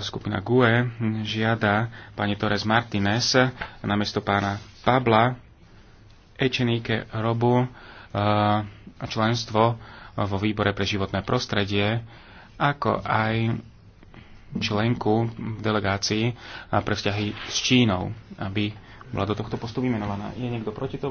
skupina GUE žiada pani Torres Martinez namiesto pána Pabla Ečenike Robu e, členstvo vo výbore pre životné prostredie, ako aj členku v delegácii pre vzťahy s Čínou, aby bola do tohto postu vymenovaná. Je niekto proti tomu?